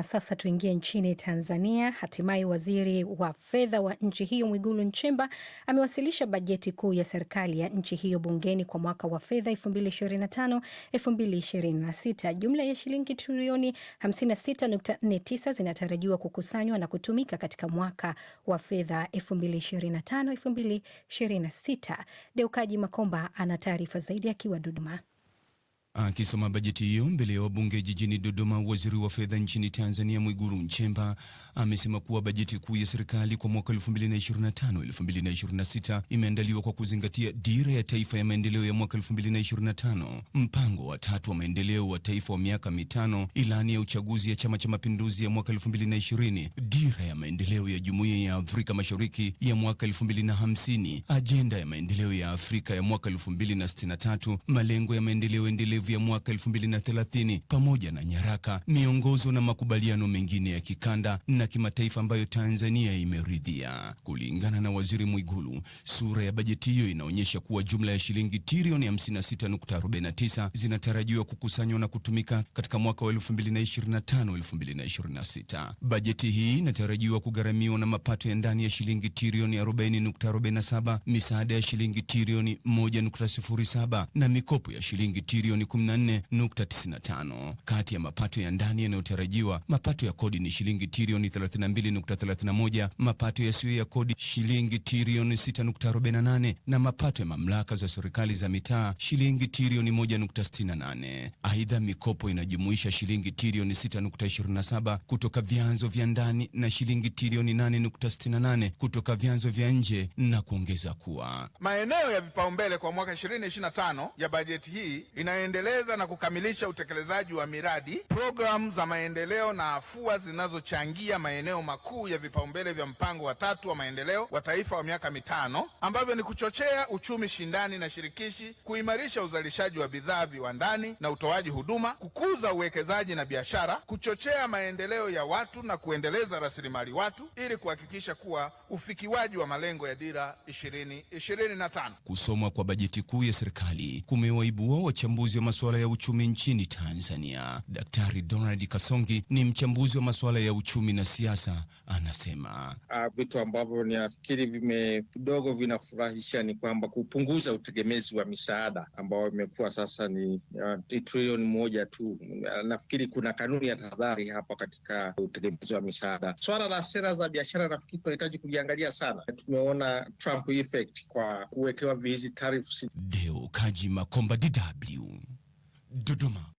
Na sasa tuingie nchini Tanzania. Hatimaye waziri wa fedha wa nchi hiyo Mwigulu Nchemba amewasilisha bajeti kuu ya serikali ya nchi hiyo bungeni kwa mwaka wa fedha 2025 2026. Jumla ya shilingi trilioni 56.49 zinatarajiwa kukusanywa na kutumika katika mwaka wa fedha 2025 2026. Deukaji Makomba ana taarifa zaidi akiwa Dodoma. Akisoma bajeti hiyo mbele ya wabunge jijini Dodoma, waziri wa fedha nchini Tanzania Mwigulu Nchemba amesema kuwa bajeti kuu ya serikali kwa mwaka 2025/2026 imeandaliwa kwa kuzingatia Dira ya Taifa ya Maendeleo ya mwaka 2025, Mpango wa Tatu wa Maendeleo wa Taifa wa miaka mitano, Ilani ya Uchaguzi ya Chama cha Mapinduzi ya mwaka 2020, Dira ya Maendeleo ya Jumuiya ya Afrika Mashariki ya mwaka 2050, Ajenda ya Maendeleo ya Afrika ya mwaka 2063, Malengo ya Maendeleo Endelevu ya mwaka 2030 pamoja na nyaraka, miongozo na makubaliano mengine ya kikanda na kimataifa ambayo Tanzania imeridhia. Kulingana na Waziri Mwigulu, sura ya bajeti hiyo inaonyesha kuwa jumla ya shilingi trilioni 56.49 zinatarajiwa kukusanywa na kutumika katika mwaka wa 2025 2026. Bajeti hii inatarajiwa kugharamiwa na mapato ya ndani ya shilingi trilioni 40.47, misaada ya shilingi trilioni 1.07 na mikopo ya shilingi trilioni 14.95. Kati ya mapato ya ndani yanayotarajiwa, mapato ya kodi ni shilingi trilioni 32.31, mapato yasiyo ya kodi shilingi trilioni 6.48 na mapato ya mamlaka za serikali za mitaa shilingi trilioni 1.68. Aidha, mikopo inajumuisha shilingi trilioni 6.27 kutoka vyanzo vya ndani na shilingi trilioni 8.68 kutoka vyanzo vya nje na kuongeza kuwa maeneo ya vipaumbele kwa mwaka 2025 ya bajeti hii inaende kuendeleza na kukamilisha utekelezaji wa miradi, programu za maendeleo na afua zinazochangia maeneo makuu ya vipaumbele vya mpango wa tatu wa maendeleo wa taifa wa miaka mitano, ambavyo ni kuchochea uchumi shindani na shirikishi, kuimarisha uzalishaji wa bidhaa viwandani na utoaji huduma, kukuza uwekezaji na biashara, kuchochea maendeleo ya watu na kuendeleza rasilimali watu ili kuhakikisha kuwa ufikiwaji wa malengo ya dira 2025. Kusomwa kwa bajeti kuu ya serikali kumewaibua wachambuzi wa masuala ya uchumi nchini Tanzania. Daktari Donald Kasongi ni mchambuzi wa masuala ya uchumi na siasa, anasema ah, vitu ambavyo ninafikiri vime kidogo vinafurahisha ni kwamba kupunguza utegemezi wa misaada ambao imekuwa sasa ni uh, trilioni moja tu. Nafikiri kuna kanuni ya tahadhari hapa katika utegemezi wa misaada. Swala la sera za biashara nafikiri tunahitaji kujiangalia sana. Tumeona Trump effect kwa kuwekewa vizi tarifu. Deo Kaji Makomba, DW. De demain.